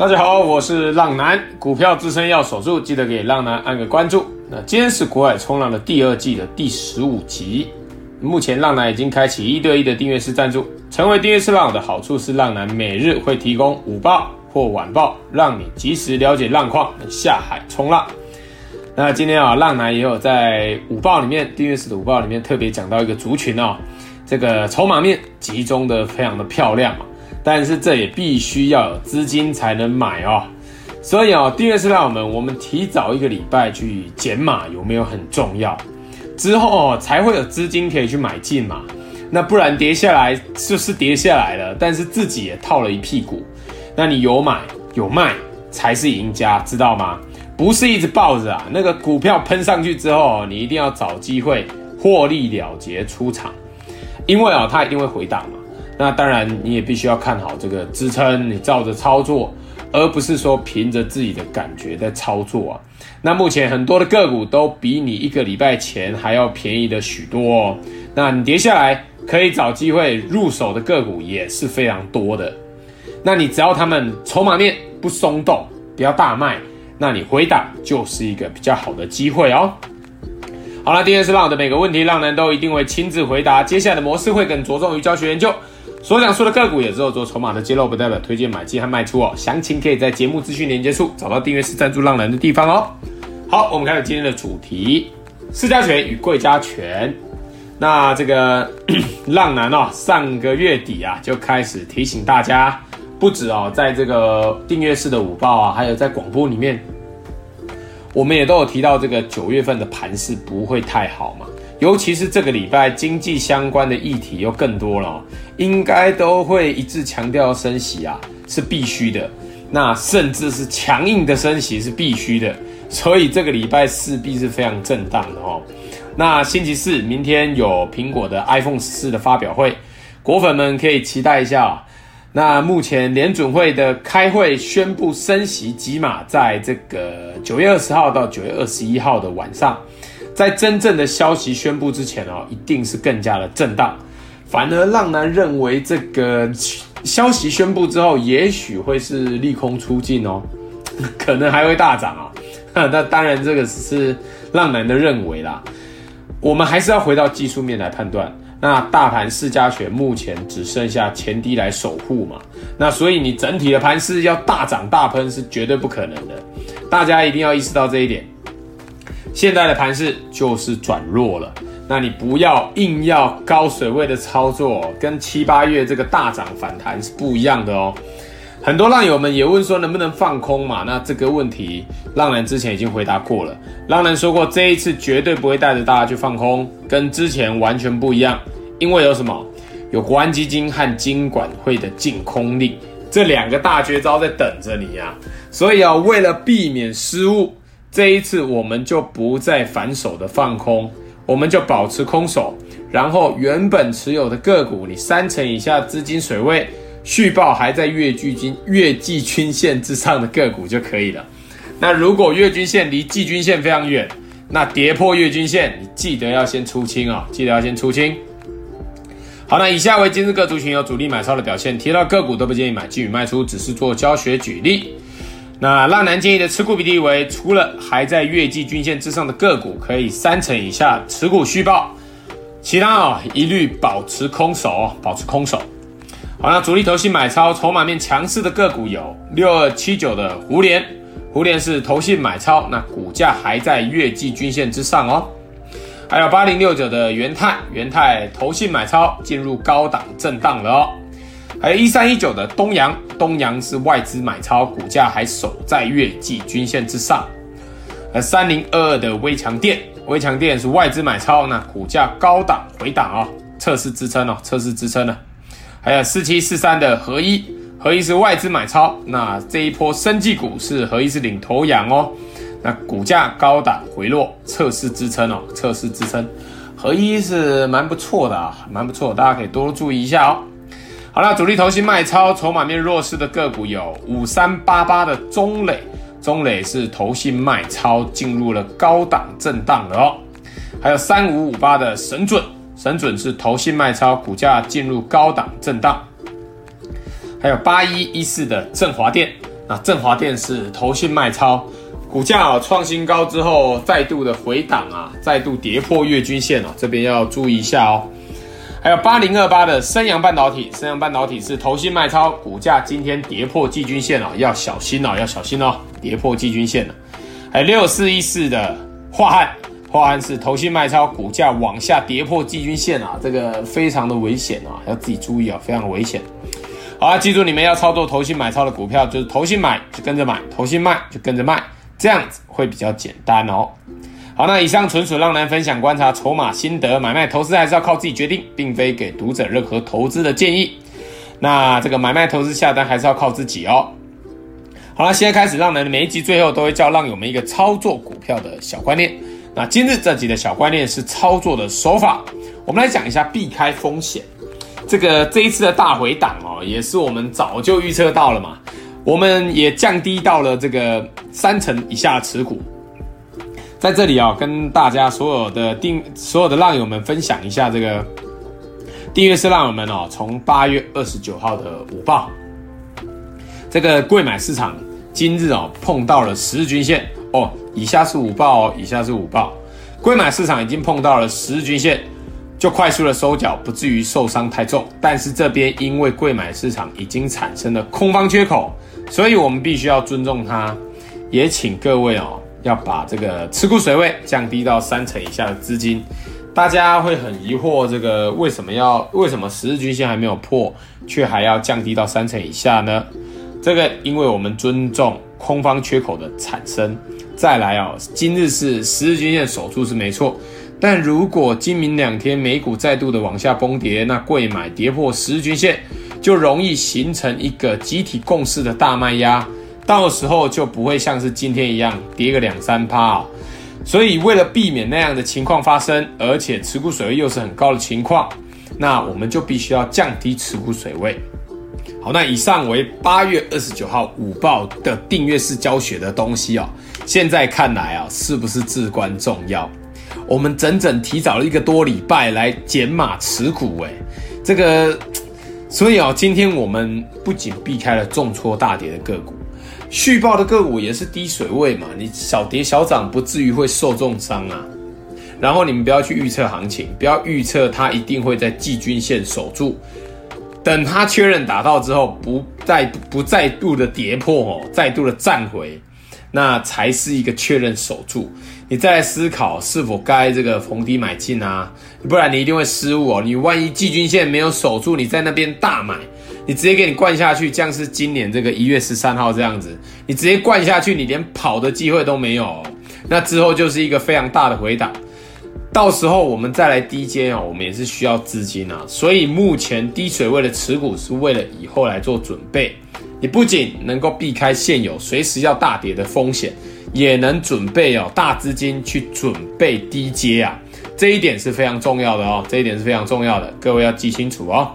大家好，我是浪男，股票支撐要守住，記得給浪男按個關注。那今天是《股海衝浪》的第二季的第十五集。目前浪男已經開啟一對一的訂閱式贊助，成為訂閱式浪友的好處是，浪男每日會提供午報或晚報，讓你及時了解浪況，下海衝浪。那今天啊，浪男也有在午報裡面，訂閱式的午報裡面特別講到一個族群哦，這個籌碼面集中得非常的漂亮。但是這也必須要有資金才能買哦，所以啊、哦，訂閱式浪友們，我們提早一個禮拜去減碼有沒有很重要？之後哦才會有資金可以去買進嘛，那不然跌下來就是跌下來了，但是自己也套了一屁股。那你有買有賣才是贏家，知道嗎？不是一直抱着啊，那個股票噴上去之後，你一定要找機會獲利了結出場，因為啊、哦，他一定會回檔嘛。那當然，你也必須要看好這個支撐，你照着操作，而不是說憑着自己的感覺在操作啊。那目前很多的個股都比你一個禮拜前還要便宜的許多哦。那你跌下來可以找機會入手的個股也是非常多的。那你只要他們籌碼面不鬆動，不要大賣，那你回檔就是一個比較好的機會哦。好了，今天是浪友的每個問題，浪男都一定會親自回答。接下來的模式會更着重於教學研究。所講述的個股也只有做籌碼的揭露，不代表推薦買進和賣出哦。詳情可以在節目資訊連結處找到訂閱式贊助浪男的地方哦。好，我們開始今天的主題：市加權與櫃加權。那這個 浪男哦，上個月底啊就開始提醒大家，不止哦，在這個訂閱式的午報啊，還有在廣播裡面，我們也都有提到這個九月份的盤勢不會太好嘛。尤其是這個禮拜經濟相關的議題又更多了哦，應該都會一致強調升息啊，是必須的。那甚至是強硬的升息是必須的，所以這個禮拜勢必是非常震盪的哦。那星期四明天有蘋果的 iPhone 十四的發表會，果粉們可以期待一下哦。那目前聯準會的開會宣布升息，起碼在這個九月二十號到九月二十一號的晚上。在真正的消息宣布之前哦，一定是更加的震盪。反而浪男認為，這個消息宣布之後，也許會是利空出盡哦，可能還會大漲啊、哦。那當然，這個是浪男的認為啦。我們還是要回到技術面來判斷。那大盤市加權目前只剩下前低來守護嘛？那所以你整體的盤勢要大漲大噴是絕對不可能的。大家一定要意識到這一點。現在的盤勢就是轉弱了，那你不要硬要高水位的操作、哦，跟七八月這個大漲反彈是不一樣的哦。很多浪友們也問說能不能放空嘛？那這個問題浪男之前已經回答過了，浪男說過這一次絕對不會帶着大家去放空，跟之前完全不一樣，因為有什麼？有國安基金和金管會的禁空令，這兩個大絕招在等着你呀、啊。所以啊、哦，為了避免失誤。這一次我們就不再反手的放空，我們就保持空手，然後原本持有的個股，你三成以下資金水位續抱還在月季均、月季均線之上的個股就可以了。那如果月均線離季均線非常遠，那跌破月均線，你記得要先出清啊、哦，記得要先出清。好，那以下為今日各族群有主力買超的表現，提到個股都不建議買進與賣出，只是做教學舉例。那浪男建議的持股比例為，除了還在月季均線之上的個股可以三成以下持股續抱，其他哦一律保持空手，保持空手。好，那主力投信買超籌碼面強勢的個股有六二七九的胡連，胡連是投信買超，那股價還在月季均線之上哦。還有八零六九的元太，元太投信買超，進入高檔震盪了哦。還有一三一九的東陽，東陽是外資買超，股價還守在月季均線之上。呃，三零二二的威強電，威強電是外資買超，那股價高檔回檔啊、哦，測試支撐哦，測試支撐呢。還有四七四三的合一，合一是外資買超，那這一波生技股是合一是領頭羊哦，那股價高檔回落，測試支撐哦，測試支撐，合一是蠻不錯的啊，蠻不錯，大家可以多注意一下哦。好啦，主力投信賣超，籌碼面弱勢的個股有五三八八的中磊，中磊是投信賣超，進入了高檔震盪了哦。還有三五五八的神準，神準是投信賣超，股價進入高檔震盪。還有八一一四的振樺電，那振樺電是投信賣超，股價創新高之後再度的回檔啊，再度跌破月均線啊。這邊要注意一下哦。還有八零二八的昇揚半導體，昇揚半導體是投信賣超，股價今天跌破季均線了、哦，要小心了、哦，要小心哦，跌破季均線了。還有六四一四的樺漢，樺漢是投信賣超，股價往下跌破季均線啊，這個非常的危險啊、哦，要自己注意啊、哦，非常危險。好了，記住你們要操作投信買超的股票，就是投信買就跟着買，投信賣就跟着賣，這樣子會比較簡單哦。好，那以上純屬浪男分享觀察籌碼心得，買賣投資還是要靠自己決定，並非給讀者任何投資的建議。那這個買賣投資下單還是要靠自己哦。好了，現在開始，浪男每一集最後都會教浪友們一個操作股票的小觀念。那今日這集的小觀念是操作的手法，我們來講一下避開風險。這個這一次的大回檔哦，也是我們早就預測到了嘛，我們也降低到了這個三成以下的持股。在這裡啊、哦，跟大家所有的訂、所有的浪友們分享一下這個訂閱式浪友們哦，從八月二十九號的午報，這個櫃買市場今日哦碰到了十日均線哦，以下是午報哦，以下是午報，櫃買市場已經碰到了十日均線，就快速的收腳，不至於受傷太重。但是這邊因為櫃買市場已經產生了空方缺口，所以我們必須要尊重它，也請各位哦。要把這個持股水位降低到三成以下的資金，大家會很疑惑，這個為什麼要為什麼十日均線還沒有破，卻還要降低到三成以下呢？這個，因為我們尊重空方缺口的產生。再來哦，今日是十日均線守住是沒錯，但如果今明兩天美股再度的往下崩跌，那櫃買跌破十日均線，就容易形成一個集體共識的大賣壓。到的時候，就不會像是今天一樣跌個兩三趴，喔、所以為了避免那樣的情況發生，而且持股水位又是很高的情況，那我們就必須要降低持股水位。好，那以上為八月二十九號午報的訂閱式教學的東西哦、喔。現在看來啊、喔，是不是至關重要？我們整整提早了一個多禮拜來減碼持股，哎，這個，所以啊、喔，今天我們不僅避開了重挫大跌的個股。續報的個股也是低水位嘛，你小跌小漲不至於會受重傷啊。然後你們不要去預測行情，不要預測它一定會在季均線守住，等它確認達到之後，不再不再度的跌破哦，再度的站回，那才是一個確認守住。你再思考是否該這個逢低買進啊，不然你一定會失誤哦。你萬一季均線沒有守住，你在那邊大買。你直接給你灌下去，像是今年這個一月十三號這樣子，你直接灌下去，你連跑的機會都沒有哦。那之後就是一個非常大的回檔，到時候我們再來低接哦，我們也是需要資金啊，所以目前低水位的持股是為了以後來做準備。你不僅能夠避開現有隨時要大跌的風險，也能準備哦大資金去準備低接啊，這一點是非常重要的哦，這一點是非常重要的，各位要記清楚哦。